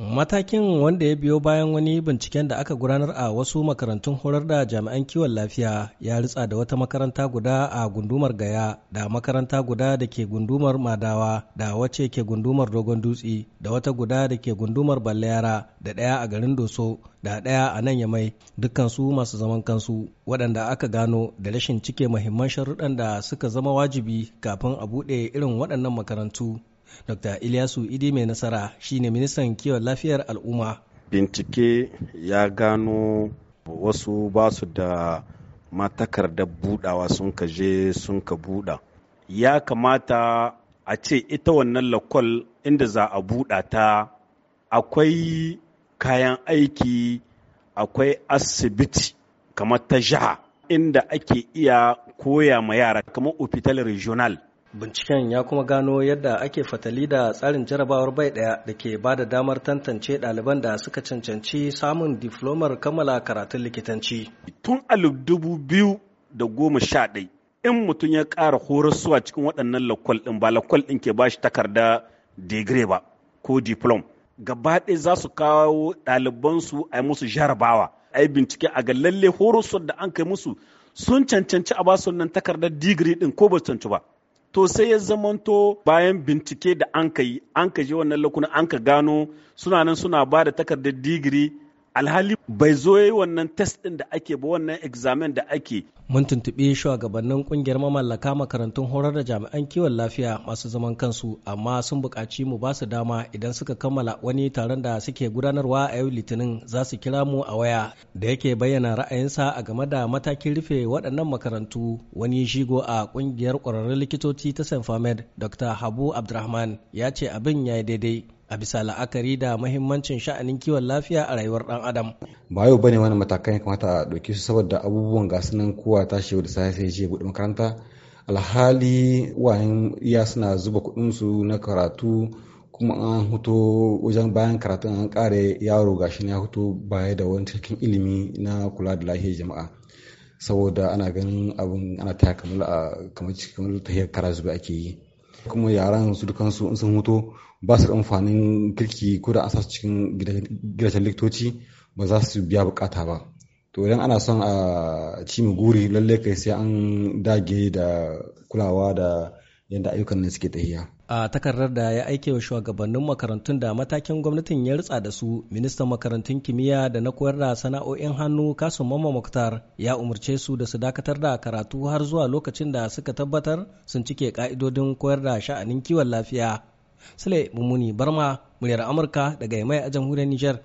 Matakin wanda ya biyo bayan wani binciken da aka gudanar a wasu makarantun horar da jami'an kiwon lafiya ya ritsa da wata makaranta guda a gundumar Gaya da makaranta guda da ke gundumar Madawa da wace ke gundumar Dogon Dutse da wata guda da ke gundumar Ballayara da ɗaya a garin Doso da ɗaya a nan Yamai dukkansu masu zaman kansu waɗanda aka gano da rashin cike muhimman sharuɗan da suka zama wajibi kafin a buɗe irin waɗannan makarantu. Dr. Ilyasu Idi mai nasara shine ministan kiwon lafiyar al'umma. Bincike ya gano wasu ba su da matakardar budawa sun ka je sun ka buda. Ya kamata a ce ita wannan lakol inda za a buɗa ta akwai kayan aiki akwai asibiti kamar ta jiha inda ake iya koya ma yara kamar opital regional Binciken ya kuma gano yadda ake fatali da tsarin jarabawar bai ɗaya da ke ba da damar tantance ɗaliban da suka cancanci samun diflomar kammala karatun likitanci. Tun alif dubu biyu da goma sha ɗai, in mutum ya ƙara horaswa cikin waɗannan lakwal ɗin ba lakwal ɗin ke ba shi takarda digire ba ko diplom. Gaba ɗaya za su kawo ɗalibansu a yi musu jarabawa, a yi bincike a ga lalle horaswar da an kai musu sun cancanci a basu wannan takardar digiri ɗin ko ba su cancanci ba. to sai ya zamanto bayan bincike da an ka yi an ka wannan lakuna an ka gano suna nan suna ba da takardar digiri alhali bai zo yi wannan test ɗin da ake ba wannan examen da ake. Mun tuntuɓi shugabannin ƙungiyar mamallaka makarantun horar da jami'an kiwon lafiya masu zaman kansu amma sun buƙaci mu ba su dama idan suka kammala wani taron da suke gudanarwa a yau litinin za su kira mu a waya da yake bayyana ra'ayinsa a game da matakin rufe waɗannan makarantu wani shigo a ƙungiyar ƙwararrun likitoci ta Sanfamed Dr. Habu Abdurrahman ya ce abin ya yi daidai. a bisa la'akari da mahimmancin sha'anin kiwon lafiya a rayuwar dan adam ba yau bane wani matakan ya kamata a ɗauki su saboda abubuwan gasu nan kowa tashi da sai sai je buɗe makaranta alhali wayan iya suna zuba kuɗinsu na karatu kuma an huto wajen bayan karatu an kare yaro gashi ya huto baya da wani cikin ilimi na kula da lafiyar jama'a saboda ana ganin abun ana taya kamar kamar cikin tahiyar kara zuba ake yi kuma yaran su dukansu in sun huto ba su da amfanin kirki ko da an cikin gidajen liktoci ba za su biya bukata ba to idan ana son a ci guri lallai kai sai an dage da kulawa da yadda ayyukan nan suke tahiya. A takardar da ya aike wa shugabannin makarantun da matakin gwamnatin ya ritsa da su, ministan makarantun kimiyya da na koyar da sana'o'in hannu kasu mamma Muktar ya umarce su da su dakatar da karatu har zuwa lokacin da suka tabbatar sun cike ka'idodin koyar da sha'anin kiwon lafiya. Sule Mummuni Barma, muryar Amurka daga Yamai a jamhuriyar Nijar.